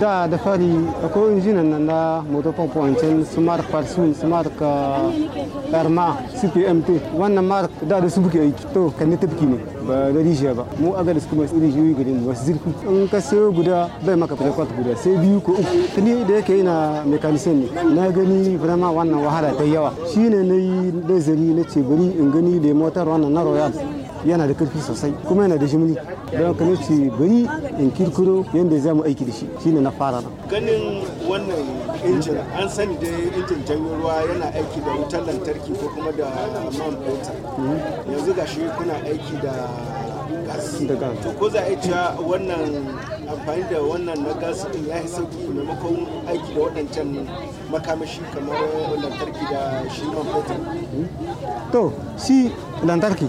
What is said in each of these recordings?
da da fari akwai injinan nan na motor pump wancan su mark parsun su mark karma eh, cpmt wannan mark da da su buke aiki to kan tafki ne ba da rijiya ba mu aga da su kuma rijiyoyi gare mu wasu zirfi in ka sayo guda bai maka frequent guda sai biyu ko uku tuni da yake yana mekanisiyan ne na gani vraiment wannan wahala ta yawa shine na yi nazari na ce bari in gani da motar wannan na royal yana da karfi sosai kuma yana da jimli don ka nufi bari in kirkiro yadda za mu aiki da shi shine na fara nan ganin wannan injin an sani da injin janyo ruwa yana aiki da wutar lantarki ko kuma da man fetur mhm. yanzu shi kuna aiki da gas to ko za a yi wannan amfani da wannan na gas din ya yi sauki maimakon aiki da waɗancan makamashi kamar lantarki da shi man fetur to shi lantarki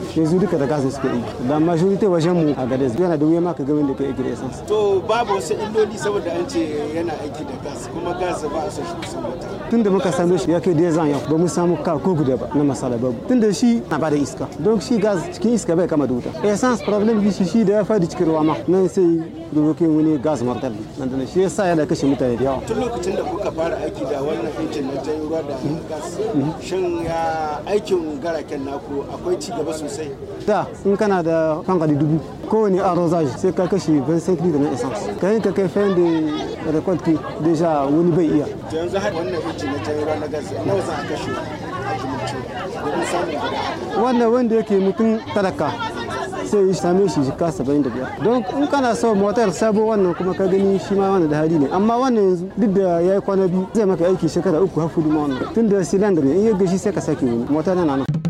zuwa duka da gas suke yi da majority wajen mu a gades yana da wuya maka ka da wanda ke aiki da essence to babu wasu illoli saboda an ce yana aiki da gas kuma gas ba a so shi kusan tunda muka same shi ya kai da zan yau ba mu samu ka ko guda ba na masala babu tunda shi na da iska don shi gas cikin iska bai kama da wuta essence problem bi shi da ya fadi cikin ruwa ma nan sai dokokin wani gas martal nan da shi yasa yana kashe mutane da yawa tun lokacin da kuka fara aiki da wannan injin na jan ruwa da gas shin aikin garaken naku akwai ci gaba sosai sosai da in kana da fanka da dubu kowane arrosage sai ka kashe 25 litre na essence yi ka kai fayin da recolte deja wani bai iya yanzu har wannan inci na jan ruwa na gas nawa za a kashe a jimilce domin samun guda wannan wanda yake mutum talaka sai yi same shi jika 75 don in kana so motar sabo wannan kuma ka gani shi ma wannan da hali ne amma wannan yanzu duk da ya yi kwana biyu zai maka aiki shekara uku har fudu ma wannan tun da silandar ne in ya gashi sai ka sake wani motar na nan